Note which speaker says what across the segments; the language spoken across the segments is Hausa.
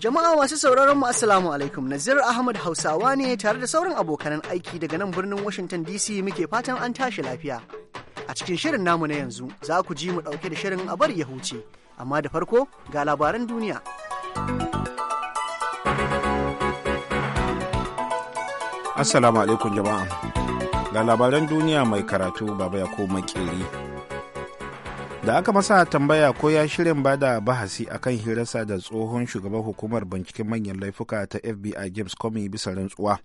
Speaker 1: Jama'a masu sauraron mu Assalamu alaikum Nazir Ahmad Hausawa ne tare da sauran abokanan aiki daga nan birnin Washington DC muke fatan an tashi lafiya. A cikin shirin namu na yanzu za ku ji mu ɗauke da shirin a bar ya amma da farko ga labaran duniya.
Speaker 2: Assalamu alaikum jama'a. Ga labaran duniya mai karatu Baba Yakubu Makeri. da aka masa tambaya ko ya shirin ba da bahasi akan hirarsa da tsohon shugaban hukumar binciken manyan laifuka ta fbi james comey bisa rantsuwa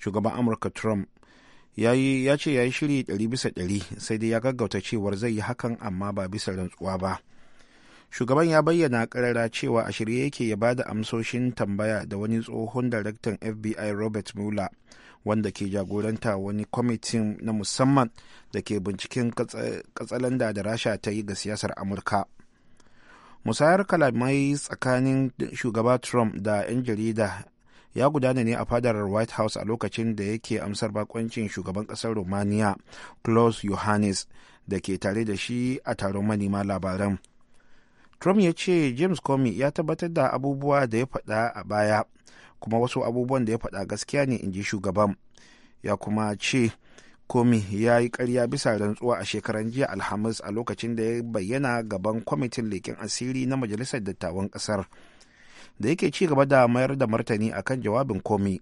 Speaker 2: shugaban amurka trump ya ce ya yi shiri 100 bisa 100 sai dai ya gaggauta cewar zai yi hakan amma ba bisa rantsuwa ba shugaban ya bayyana karara cewa a shirye yake ya ba da amsoshin tambaya da wani tsohon daraktan fbi robert mueller wanda ke jagoranta wani kwamitin na musamman da ke binciken katsalanda da rasha ta yi ga siyasar amurka musayar kalamai tsakanin shugaba trump da 'yan jarida ya gudana ne a fadar white house a lokacin da yake amsar bakoncin shugaban kasar romania klaus yohannes da ke tare da shi a taron manema labaran trump ya ce james comey ya tabbatar da abubuwa da ya faɗa a baya kuma wasu abubuwan da ya faɗa gaskiya ne in ji shugaban ya kuma ce komi ya yi karya bisa rantsuwa a shekaran jiya alhamis a lokacin da ya bayyana gaban kwamitin leƙen asiri na majalisar dattawan ƙasar da yake ci gaba da mayar da martani akan jawabin komi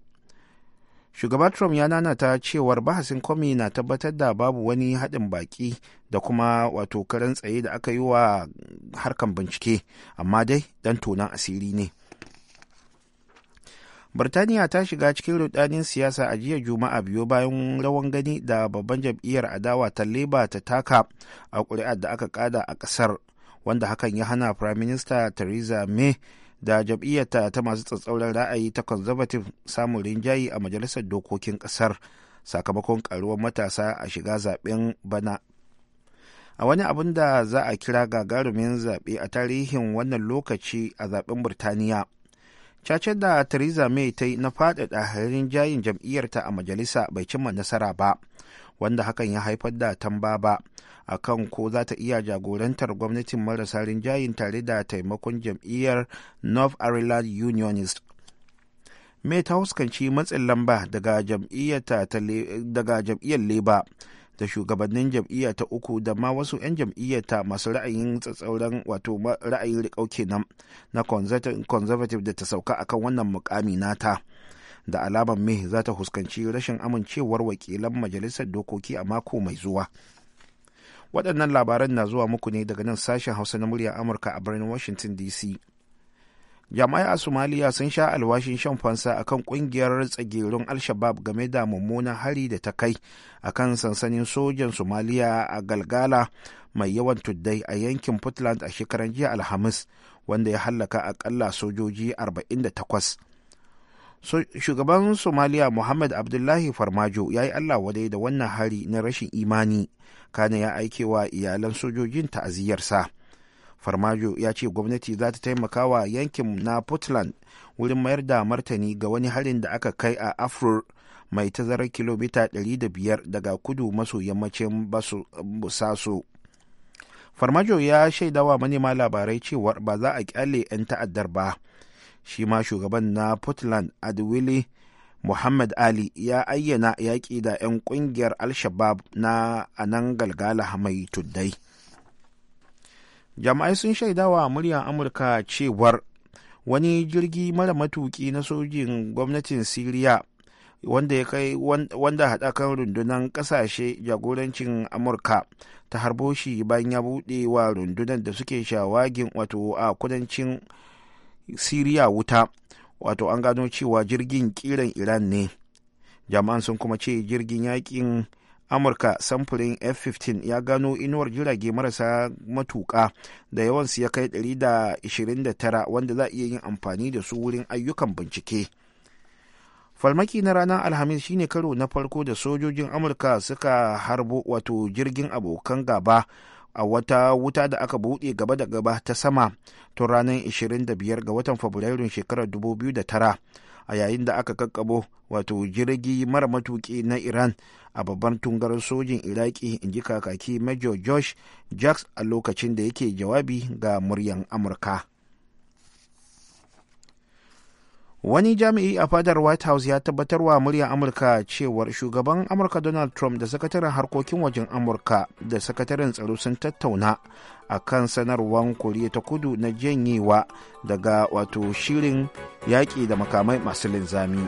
Speaker 2: shugaban trump ya nanata cewar bahasin komi na tabbatar da babu wani haɗin baƙi da kuma wato karen tsaye da aka yi wa harkan bincike amma dai dan tonan asiri ne Birtaniya ta shiga cikin rudanin siyasa a jiya Juma'a biyo bayan rawan gani da babban jam'iyyar adawa ta Labour ta taka a ƙuri'ar da aka kada a ƙasar, wanda hakan ya hana Prime Minister Theresa May da jam'iyyarta ta masu tsatsauran ra'ayi ta Conservative samun rinjayi a majalisar dokokin ƙasar sakamakon ƙaruwar matasa a shiga zaben bana. A wani abin da za a kira gagarumin zaɓe a tarihin wannan lokaci a zaɓen Birtaniya. cacen da theresa may ta yi na faɗaɗa jayin jam'iyyarta a majalisa bai cimma nasara ba wanda hakan ya haifar da tamba ba a kan ko za ta iya jagorantar gwamnatin marasa rinjayin tare da taimakon jam'iyyar north ireland unionist may ta huskanci matsin lamba daga jam'iyyar labour da shugabannin jam'iyya ta uku da ma wasu 'yan jam'iyyata masu ra'ayin tsatsauran wato ra'ayin rikauke kenan na conservative da ta sauka akan wannan mukami nata da alamar me za ta huskanci rashin amincewar wakilan majalisar dokoki a mako mai zuwa waɗannan labaran na zuwa muku ne daga nan sashen hausa na murya amurka a birnin washington dc jami'ai a somaliya sun sha alwashin shan fansa akan kungiyar tsagerun al-shabab game da mummunan hari da ta kai akan sansanin sojan somaliya a galgala mai yawan tuddai a yankin puntland a shekaran jiya alhamis wanda ya hallaka akalla sojoji 48 shugaban somaliya muhammad abdullahi farmajo ya yi allah wadai da wannan hari na rashin imani kana ya aikewa iyalan sojojin ta'aziyarsa. farmajo ya ce gwamnati za ta taimaka wa yankin na portland wurin mayar da martani ga wani harin da aka kai a afro mai tazarar kilomita 500 daga kudu maso yammacin basu farmajo ya shaida wa manema labarai cewar ba za a kyale 'yan ta'addar ba shi ma shugaban na portland adwili muhammad ali ya ayyana yaƙi da 'yan ƙungiyar al-shabab na anan galgala mai tuddai jama'ai sun shaidawa muryar amurka cewar wani jirgi mara matuki na sojin gwamnatin siriya wanda ya kai wanda haɗakan rundunar ƙasashe jagorancin amurka ta harbo shi bayan ya buɗe wa rundunar da suke shawagin wato a kudancin siriya wuta wato an gano cewa jirgin kiran iran ne jama'an sun kuma ce jirgin yaƙin. amurka samfurin f-15 ya gano inuwar jirage marasa matuka da yawansu ya kai 129 wanda za a iya yin amfani da su wurin ayyukan bincike falmaki na ranar alhamis shine karo na farko da sojojin amurka suka harbo wato jirgin abokan gaba a wata wuta da aka buɗe gaba da gaba ta sama tun ranar 25 ga watan fabrairun shekarar 2009 a yayin da aka kakkabo wato jirgi mara matuki na iran a babban tungar sojin iraki ji kakaki major josh jacks a lokacin da yake jawabi ga muryan amurka wani jami'i a fadar white house ya tabbatarwa muryar amurka cewar shugaban amurka donald trump da sakataren harkokin wajen amurka da sakataren tsaro sun tattauna a kan sanarwar koriya ta kudu na janyewa daga wato shirin yaƙi da makamai masu linzami.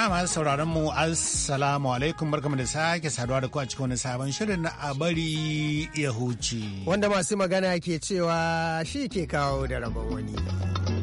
Speaker 3: Jama'a masu sauraron mu Assalamu alaikum barkamu da sake saduwa da ku a cikin wani sabon shirin na a ya huce.
Speaker 4: Wanda masu magana ke cewa shi ke kawo da rabon wani.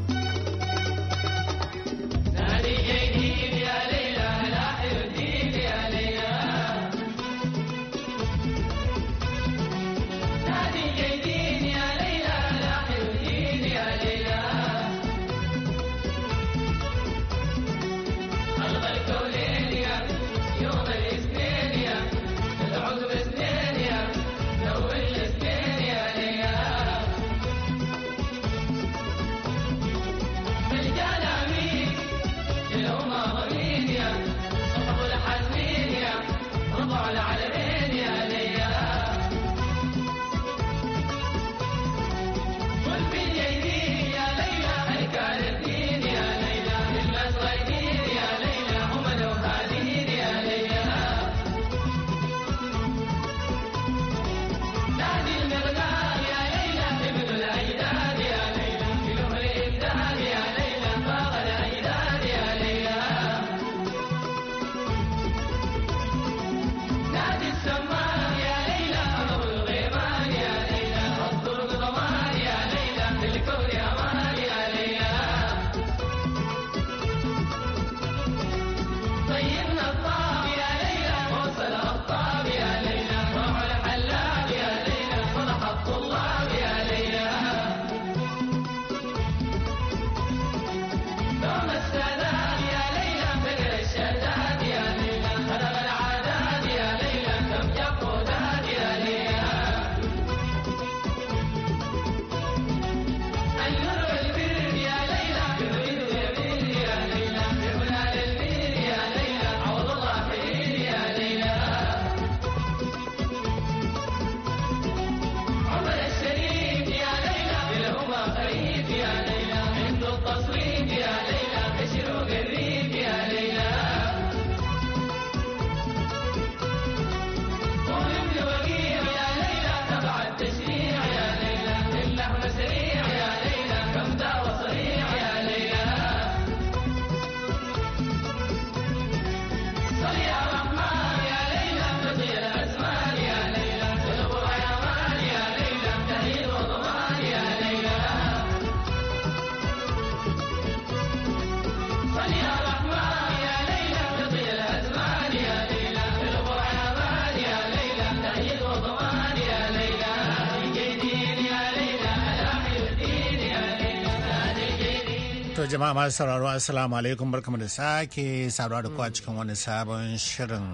Speaker 3: jama'a masu sauraro assalamu alaikum barkamu da sake saduwa da kowa cikin wani sabon shirin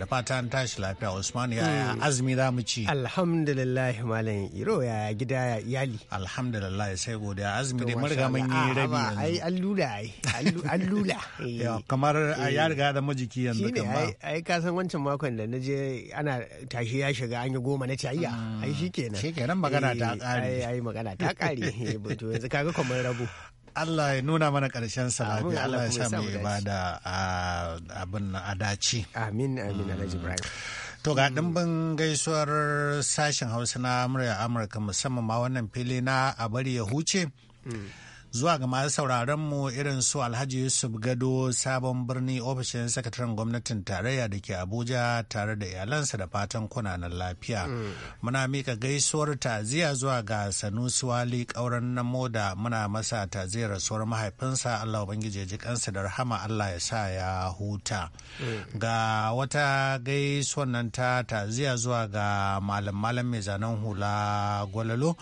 Speaker 3: da fatan tashi lafiya Usman ya mm. azumi za mu ci. Alhamdulillah malam Iro ya gida ya iyali. Alhamdulillah sai godiya azumi dai mun riga mun yi rabi yanzu. Ai
Speaker 4: allula ai allula.
Speaker 3: kamar eh. ya riga da majiki yanzu kan ba.
Speaker 4: Ai ka san wancan makon da na je ana tashi ya shiga an yi goma na ciyayya Ai mm. shikenan. Shikenan magana ta kare. Eh, ai magana ta kare. To yanzu kaga kamar rabu Allah ya nuna
Speaker 3: mana karshen sa Allah ya sa mu da abin a dace amin amin Alhaji To ga ɗimbin gaisuwar sashen Hausa na murya Amurka musamman ma wannan fili na a bari ya huce. Mm. zuwa ga masu sauraron mu irin su Alhaji Yusuf Gado sabon birni ofishin sakataren gwamnatin tarayya da ke Abuja tare da iyalansa da fatan kunanan lafiya. Mm. Muna mika gaisuwar taziya zuwa ga Sanusi Wali kauran na moda muna masa taziyar rasuwar mahaifinsa Allah Ubangiji ji kansa da rahama Allah ya sa ya huta. Mm. Ga wata gaisuwar nan ta taziya zuwa ga malam malam mai zanen hula gwalalo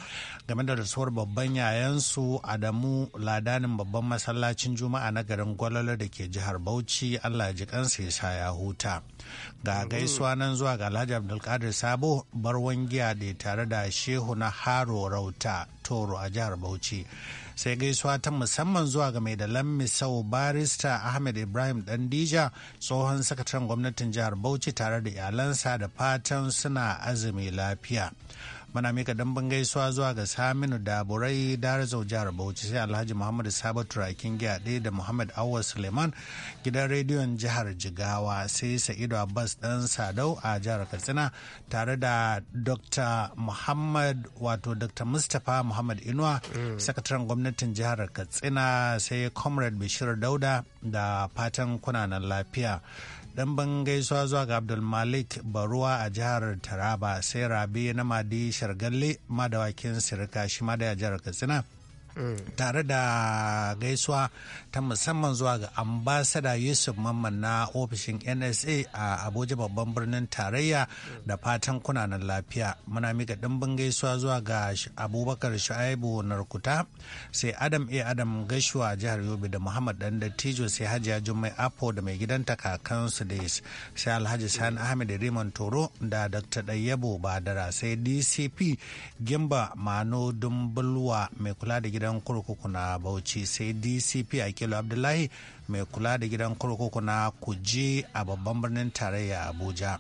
Speaker 3: game da rasuwar babban yayansu Adamu ladanin babban masallacin Juma'a na garin Gwalolo da ke jihar Bauchi Allah ji kansa ya sa ya huta. Ga gaisuwa nan zuwa ga Alhaji Abdulkadir Sabo barwan giya da tare da Shehu na Haro Rauta Toro a jihar Bauchi. sai gaisuwa ta musamman zuwa ga mai da misau barista ahmed ibrahim dandija tsohon sakataren gwamnatin jihar bauchi tare da iyalansa da fatan suna azumi lafiya muna mika damben gaisuwa zuwa ga saminu da burai darazau jihar bauchi sai alhaji muhammadu sabo turakin gyaɗe da muhammad awal suleiman gidan rediyon jihar jigawa sai sa'idu abbas ɗan sadau a jihar katsina tare da dr muhammad wato dr mustapha muhammad inuwa mm. sakataren gwamnatin jihar katsina sai comrade bishir dauda da fatan kunanan lafiya dan ban gaisuwa zuwa ga abdul malik baruwa a jihar taraba sai Rabi na madi shargalle madawakin sirika shi ma da jihar katsina tare da gaisuwa ta musamman zuwa ga ambasada yusuf mamman na ofishin nsa a abuja babban birnin tarayya da fatan kunanan lafiya muna mika dimbin gaisuwa zuwa ga abubakar shu'aibu narkuta sai adam a adam gaishuwa jihar yobe da muhammad dan dattijo sai hajiya jummai apo da mai gidanta kakansu da sai alhaji sani ahmed riman toro da dr dayyabo badara sai dcp gimba mano dumbulwa mai kula da gidan gidan kurkuku na bauchi sai dcp akilu abdullahi mai kula da gidan kurkuku na kuje a babban birnin tarayya abuja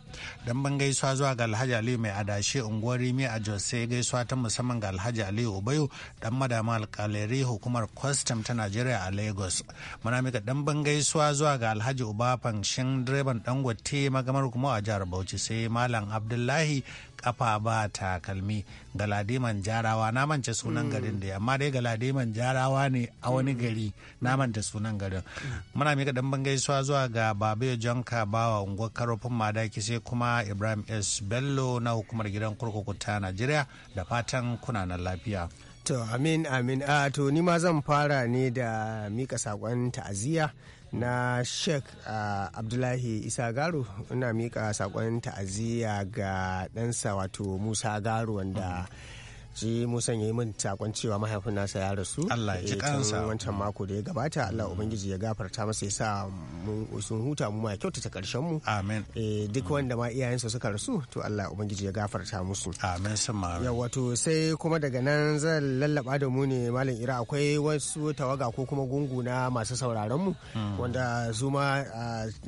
Speaker 3: don ban gaisuwa zuwa ga alhaji aliyu mai adashe unguwar rimi a jos sai gaisuwa ta musamman ga alhaji aliyu ubayu dan madama alkaleri hukumar kwastam ta najeriya a lagos muna mika dan ban gaisuwa zuwa ga alhaji uba fanshin direban dangote magamar kuma a jihar bauchi sai malam abdullahi kafa ba takalmi galadiman jarawa na manta sunan mm. garin da amma dai galadiman jarawa ne a wani mm. gari na manta sunan garin mm. muna mika dan suwa zuwa ga babe jonka bawa unguwar karofin madaki sai kuma ibrahim s bello na hukumar gidan kurkuku ta najeriya da
Speaker 4: fatan kuna nan lafiya to amin amin a ah, to ni ma zan fara ne da mika sakon ta'aziyya na sheikh uh, abdullahi isa garo ina miƙa saƙon ta'aziyya ga ɗansa wato musa garu wanda mm -hmm. ji musan yi min takon cewa mahaifin nasa ya rasu Allah ya ji eh, kansa wancan mako da ya gabata Allah mm. ubangiji ya gafarta masa yasa mun sun huta mu ma kyautata karshen mu amen eh, duk mm. wanda ma iyayensa suka rasu to Allah ubangiji ya gafarta musu amen sama ya wato sai kuma daga nan zan lallaba da mu ne malam ira akwai wasu tawaga ko kuma gungu na masu sauraron mu mm. wanda zuma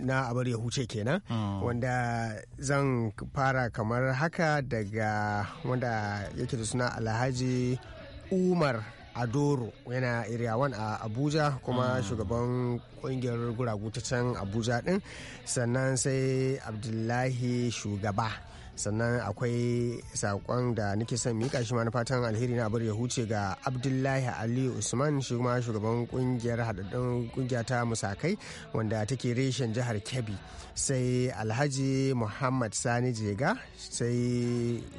Speaker 4: na abar ya huce kenan wanda zan fara kamar haka daga wanda yake da suna alhaji umar adoro yana iriyawan a abuja kuma ah. shugaban kungiyar guragu ta can abuja din sannan sai abdullahi shugaba sannan akwai sakon da nake son mika shi na fatan alheri na abar ya huce ga abdullahi ali usman shi ma shugaban kungiyar haɗaɗɗen kungiya ta musakai wanda take reshen jihar kebbi sai alhaji muhammad sani jega sai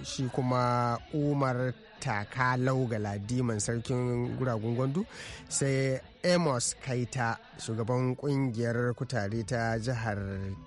Speaker 4: shi kuma umar taka ga ladiman sarkin guragun gwandu sai amos kaita shugaban kungiyar kutare ta jihar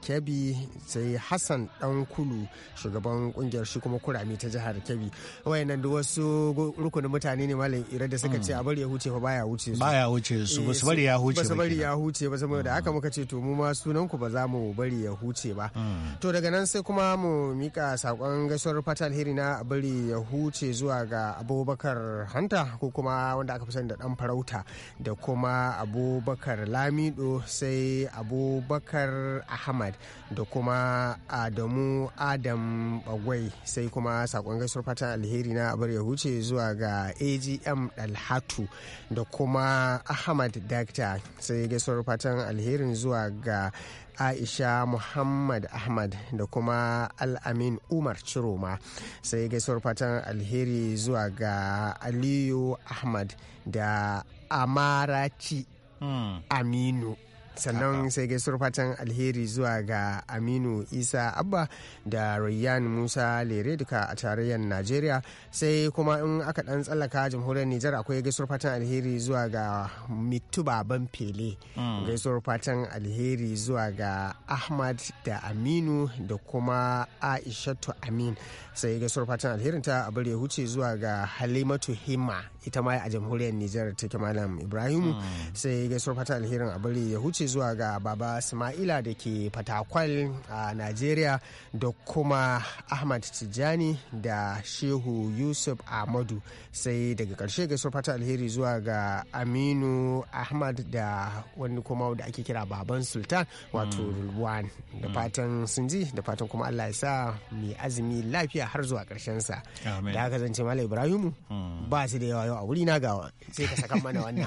Speaker 4: kebbi sai hassan kulu shugaban kungiyar shi kuma kurami ta jihar kebbi wayannan da wasu rukunin mutane ne malam ira da suka ce mm. a bari ya huce fa baya huce su baya huce su bari ya huce basu bari ya huce ba saboda haka mm. muka ce to mu ma sunan ku ba za mu bari ya huce ba mm. to daga nan sai kuma mu mika sakon gaisuwar fatal hiri na a bari ya huce zuwa ga abubakar hanta ko kuma wanda aka fi sani da dan farauta da kuma kuma abubakar lamido sai abubakar ahmad da kuma adamu adam bagwai sai kuma sakon gaisuwar fatan alheri na abar ya huce zuwa ga agm dalhatu da kuma ahmad dakta sai gaisuwar fatan alherin zuwa ga aisha muhammad ahmad da kuma al'amin umar ciroma sai gaisuwar fatan alheri zuwa ga aliyu ahmad da Amarachi hmm. Aminu. sannan sai gaisuwar fatan alheri zuwa ga aminu isa abba da rayyan musa lere duka a tarayyar najeriya sai kuma in aka dan tsallaka jamhuriyar nijar akwai gaisuwar fatan alheri zuwa ga mitu baban fele
Speaker 5: mm. gaisuwar
Speaker 4: fatan alheri zuwa ga ahmad da aminu da kuma aishatu amin sai gaisuwar fatan alherin ta a ya huce zuwa ga halimatu himma ita ma a jamhuriyar nijar take malam ibrahimu mm. sai gaisuwar fatan alherin a ya huce zuwa ga baba smaila da ke fatakwal a Najeriya da kuma Ahmad tijani da Shehu Yusuf Ahmadu sai daga ƙarshe gasar fata alheri zuwa ga Aminu Ahmad da wani kuma da ake kira baban Sultan wato hmm. Rulwan da hmm. fatan sun ji da fatan kuma Allah ya sa mai azumi lafiya har zuwa karshen sa da haka zan ce Malam Ibrahimu hmm. ba su da yawa yau a wuri na gawa sai ka saka mana wannan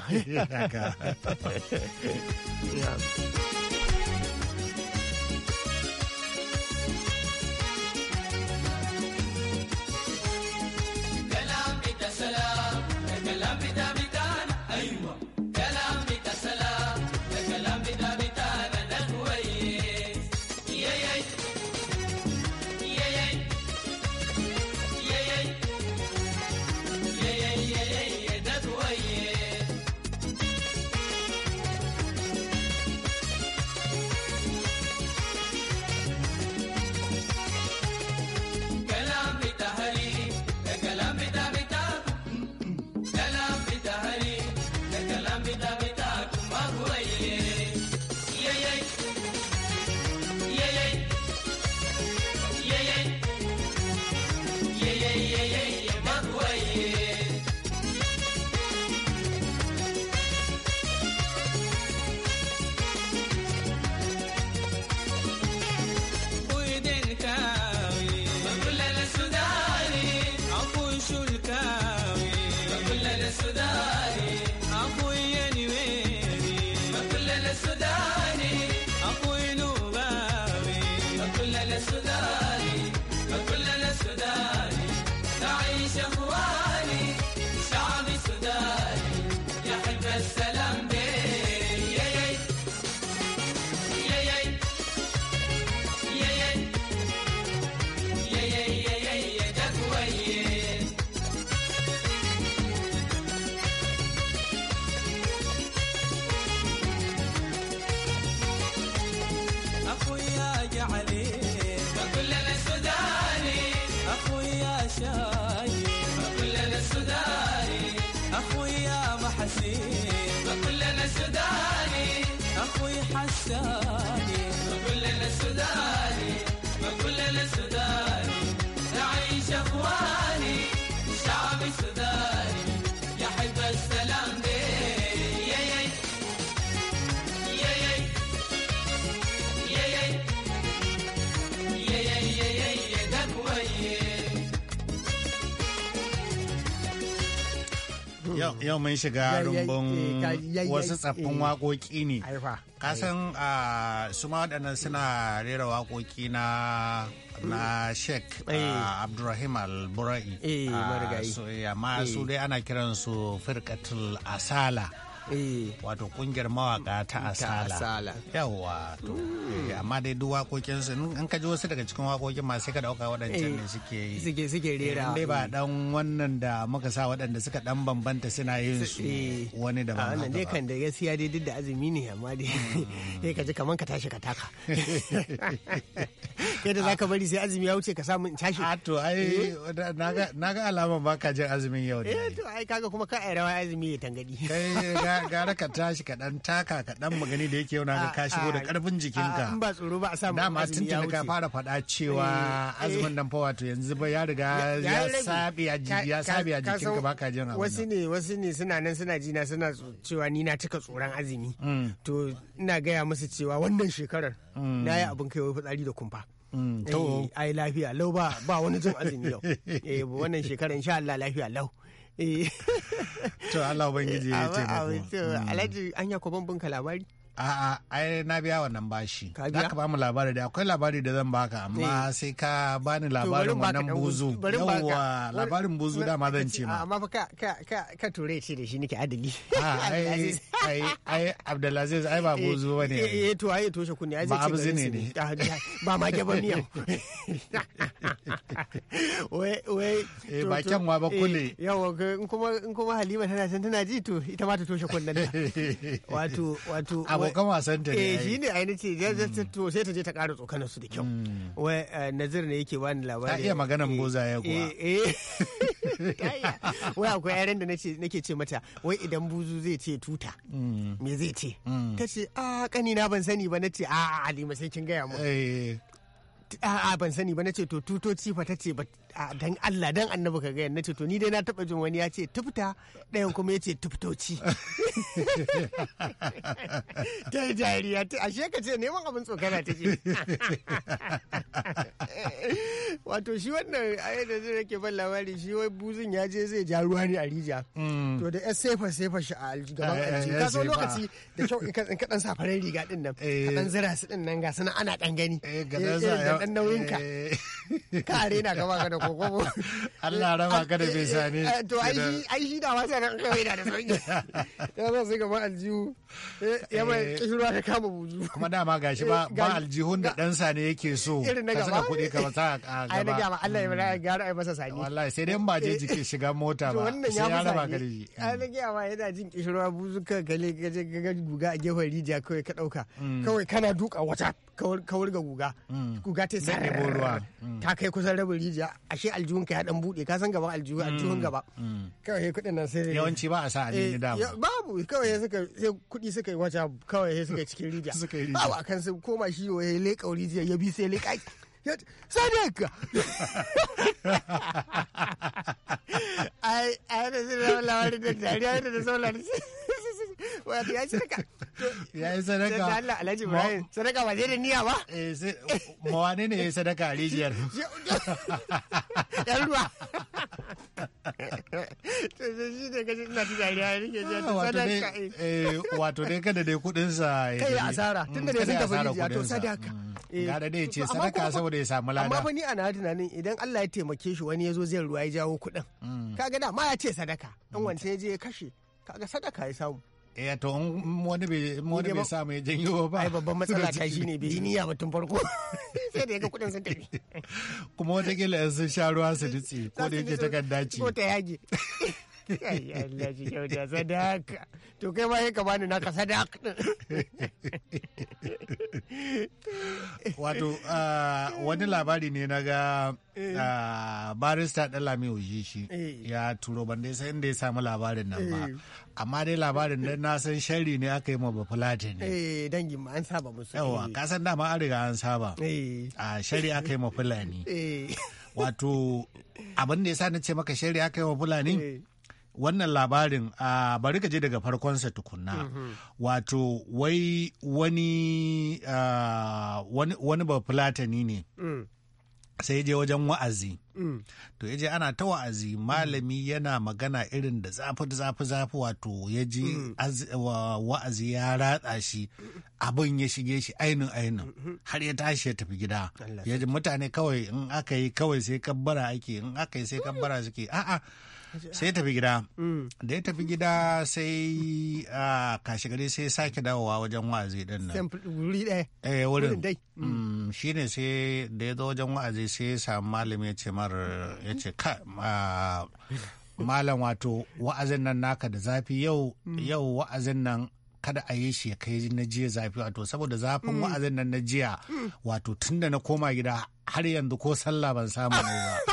Speaker 4: Yeah.
Speaker 6: Stop.
Speaker 3: Mm. yau mun shiga rumbun eh, wasu tsaffin eh. waƙoƙi ne kasan ah, su ma waɗannan suna rera waƙoƙi na na sheik eh. ah, abdurrahim al-bura'i ah, amma su dai ana kiransu firkatul asala Eh. wato kungiyar mawaka ta asala yawa
Speaker 5: to eh,
Speaker 3: amma dai duk wakokin su in ka ji wasu daga cikin wakokin masu ka dauka waɗancan eh, ne suke yi suke suke rera dai ba dan mm. wannan da muka sa waɗanda suka dan bambanta suna yin su wani da ba wannan dai kan
Speaker 4: da gaskiya dai duk da azumi ne amma dai mm. sai ka ji kaman ka tashi ka taka kai da zaka bari sai azumi ya wuce ka samu in tashi a to ai na ga alaman baka jin
Speaker 3: azumin yau ne
Speaker 4: eh to ai kaga kuma ka ai rawa azumi ya tangadi kai gara ka tashi ka dan taka ka dan
Speaker 3: magani da yake yana ka shigo da karfin ah, ah, jikinka ah, in
Speaker 4: ba tsoro ba a samu dama tuntuni ka fara faɗa cewa eh, eh. azumin nan fa wato yanzu ba ya riga ya sabi a ya sabi a jikinka ba ka jin wasu ne wasu ne suna nan suna jina suna cewa ni na cika tsoron azumi mm. to ina gaya musu cewa wannan shekarar mm. na yi abin kaiwa fitsari da kumfa
Speaker 6: mm, to eh,
Speaker 4: ai lafiya lau ba wani jin azumi yau eh wannan shekarar insha Allah lafiya lau Eh. to
Speaker 3: Allah ubangiji ya ce mm.
Speaker 4: alhaji anya ko ban bunka
Speaker 3: a'a ai na biya wannan bashi za ka ba mu labari da akwai labari da zan baka amma eh. sai ka bani labarin wannan buzu yawwa labarin buzu da ma zan ce ma
Speaker 4: amma fa ka ture ce da shi nake adali ai ai Abdulaziz ai ba eh, buzu bane eh, eh to ai to shi kunni ai zai ce ne ah, ba ma gaba ne wai wai eh ba kyanwa ba kulle yawa in kuma in kuma Halima tana tana ji to ita ma ta toshe kunnan wato wato abokan wasan ta ne eh ne ai nace mm. to sai ta je ta ƙara tsokanar su da kyau mm. wai eh, nazir ne yake bani labari ta iya maganar eh, boza ya kuwa eh, eh. wai akwai yaren da nake ce mata wai idan buzu zai ce tuta mm. me zai ce ta ce a ah, kanina ban sani ba nace a Halima sai kin gaya mu a'a ban sani ba na ce to tutoci fa ta ce ba dan Allah dan annabi ka ga na ce to ni dai na taba jin wani ya ce tufta ɗayan kuma ya ce tuftoci ta yi jariya ashe ka ce neman abin tsokana ta ce wato shi wannan ayyar da zai rake ban labari shi wai buzin ya je zai ja ruwa ne a rija mm. to da yan sefa sefa shi a gaban eh, aljihu eh, ka so lokaci da kyau in ka dan safarin riga din nan ka dan eh. zira su din nan ga suna ana dan gani Não, nunca. É. ka arena ka baka da kokobo Allah raba ka da besane eh, to ai shi ai shi da wasa nan kai da da sauki ya zo sai ma aljihu eh, ya mai eh, kishirwa ka kama
Speaker 3: buju kuma dama gashi ba ba aljihun da dan sani yake so ka saka kudi ka sa a gaba ai na ma Allah ya bada mm.
Speaker 4: gara ai masa sani wallahi sai dai ba je jike
Speaker 3: shiga mota ba sai ya raba ka da shi
Speaker 4: ai na ma yana jin kishirwa buzu ka gale gaje ga guga a gefen rijiya kawai ka dauka mm. kawai kana duka wata kawar ga guga mm. guga ta sai ta kai kusan rabin rijiya ashe aljihun ka ya dan bude ka san gaban aljihun. Mm. aljihun gaba mm. kawai kudin nan sai yawanci ba a sa ne eh, da babu kawai suka sai kudi suka yi wata kawai suka cikin rijiya babu akan su koma shi ya leka rijiya ya bi sai leka Sadiq! Ai, ai, da sun lawarin da dariya da sauran wato ya sadaka ya yi sadaka ne ya yi
Speaker 3: sadaka a rijiyar ne ah,
Speaker 4: eh.
Speaker 3: Eh, kada dai kudin sa ya kai asara mm, tunda da sun tafi rijiya to sadaka mm, eh, gara dai ce sadaka saboda ya samu lada amma fa ni
Speaker 4: ana tunanin idan Allah ya taimake shi wani ya zo zai ruwa ya jawo kudin mm. kaga da ma ya ce sadaka dan wance ya je ya kashe kaga sadaka ya samu
Speaker 3: eh to wani bai wani bai samu ya janyo ba ai babban matsala kai shine bai niyya ba tun farko
Speaker 4: sai da ya ga kudin sun tafi kuma wata kila sun sha ruwa su dutse ko da yake takarda ce ko ta yage Allah ji kyauta sadaka. To kai ma ka bani naka sadaka. Wato ah, wani
Speaker 3: labari ne na ga eh. ah, barista ɗan lami shi eh. ya turo ban dai inda ya samu labarin nan ba. Eh. Amma dai labarin nan na san shari ne aka yi ma ba fulati
Speaker 4: ne. Eh dangin ma an saba musu. Yawwa ka
Speaker 3: san dama an riga an saba. A ah, shari aka yi ma fulani. Wato abin da ya sa na ce maka shari aka yi ma fulani. wannan labarin a bari ka je daga farkonsa tukunna mhm. wato wai wani wani ba fulatani ne mm. sai je wajen wa'azi mm. to ya je ana ta wa'azi malami mm. yana magana irin da zafi zafi zafi wato ya ji wa'azi ya ratsa shi abin ya shige shi ainin ainin mm-hmm. har ya tashi ya tafi gida ya ji mutane kawai in aka yi kawai sai kabbara ake in aka yi sai kabbara suke a'a sai tafi gida mm. da ya tafi gida sai a kashe gari sai sake dawowa wajen wa'azi din nan wuri ɗaya eh wurin mm. mm, shi ne sai da ya zo wajen wa'azi sai ya samu malami ya ce mar ya ce ka malam wato wa'azin nan naka da zafi yau yau wa'azin nan kada a yi shi ya kai na jiya zafi wato saboda zafin wa'azin nan na jiya wato tunda na koma gida har yanzu ko sallah ban samu ba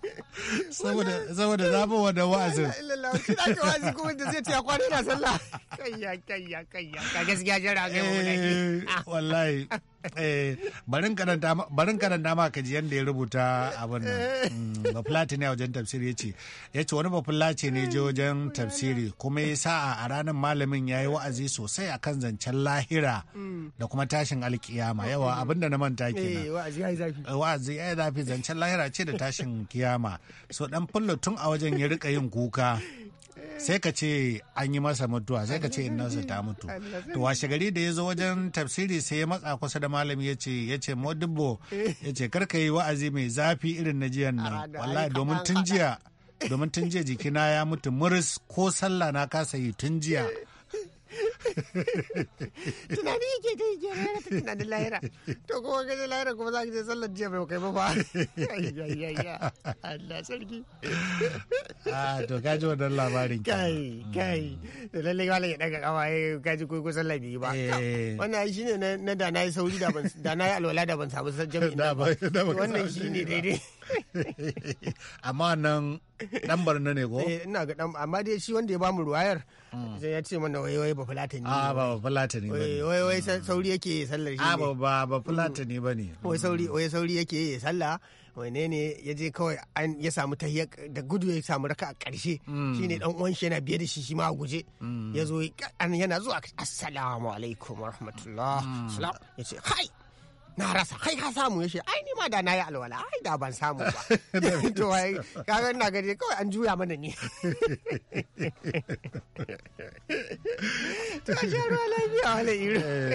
Speaker 3: saboda saboda zabo wannan wa'azin
Speaker 4: illallah shi da ke wa'azi kuma da zai a kwana na sallah kayya kayya kayya ka
Speaker 3: gaskiya jira ga eh, ah. wallahi barin eh, karanta barin karanta ma kaji yanda ya rubuta abin nan mm, eh. bafulati ne a wajen tafsiri yace yace wani bafulati ne je wajen tafsiri kuma ya sa'a a ranar malamin ya yi wa'azi sosai akan zancen lahira mm. da kuma tashin alkiyama yawa mm. abinda na manta kenan wa'azi yayi zafi zafi zancen lahira ce da tashin kiyama so dan fullo tun a wajen ya rika yin kuka sai ka ce an yi masa mutuwa sai ka ce in nasa ta mutu to washe gari da ya zo wajen tafsiri sai ya matsa kusa da malami ya ce ya ce modibbo ya ce karka yi wa'azi mai zafi irin na jiyan nan wallahi domin tun jiya domin tun jiya jikina ya mutu muris ko sallah na kasa yi tun jiya
Speaker 4: tunani yake kai ke rera ta tunanin lahira to kuma gaje lahira kuma za ki je sallar jiya bai kai ba ba Allah sarki
Speaker 3: a to kaji wannan labarin
Speaker 4: kai kai da lalle wala ya daga kawaye kaji ko sallar labi ba wannan ai shine na da nayi sauri da ban da nayi alwala da ban samu jami'in da ba wannan shine daidai amma nan dan barna ne ko eh ina ga dan amma dai shi wanda ya bamu ruwayar Mm. sai ya ce mana wai wai ba fulatani a ah, ba
Speaker 3: ba fulatani ba wai
Speaker 4: wai mm. sauri yake sallar shi a ah, ba ba ba mm. fulatani ba ne wai sauri wai sauri yake sallah wane ne ya je kawai an ya samu ta da gudu ya samu raka a ƙarshe ne ɗan uwan shi yana biye da shi shi ma guje ya zo yana zuwa assalamu alaikum wa rahmatullah ya ce hai na rasa kai ka samu ya ce ai ni ma da na yi alwala ai da ban samu ba to ai ga ina gaje kawai an juya mana ni to a
Speaker 5: ruwa lafiya wala iri eh.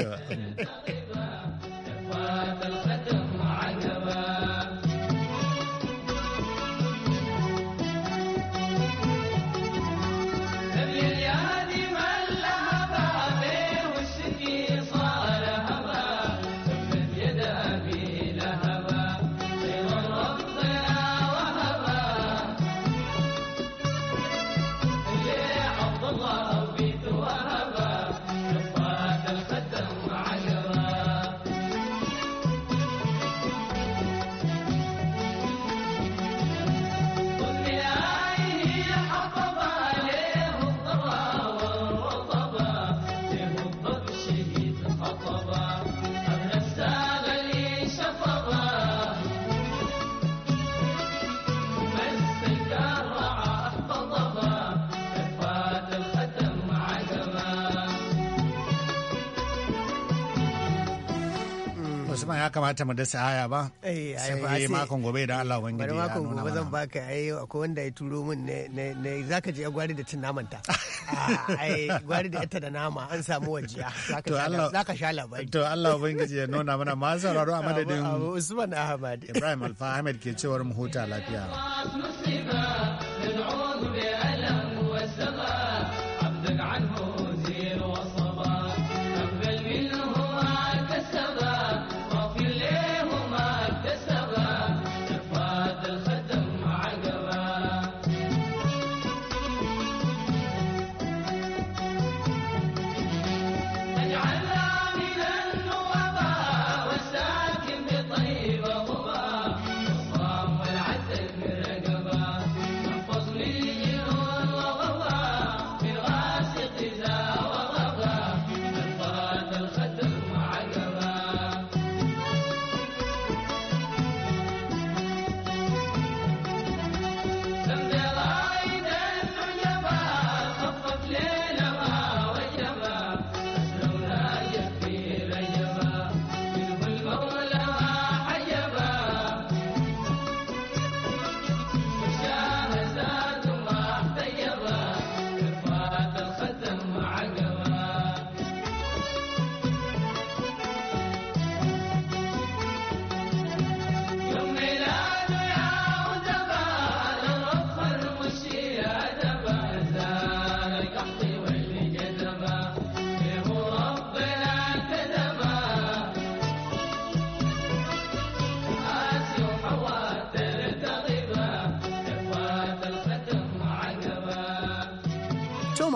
Speaker 3: kamata mu dasa aya
Speaker 4: eh, ba sai makon
Speaker 3: gobe idan Allah ubangiji ya nuna makon gobe
Speaker 4: zan baka ai akwai wanda ya turo min ne ne zaka je gwari da cin naman ta ah, ai gwari da ita da nama an samu wajiya zaka sha labari
Speaker 3: to Allah ubangiji ya nuna mana ma sauraro a madadin Usman Ahmad Ibrahim Alfa Ahmed ke cewar mu huta lafiya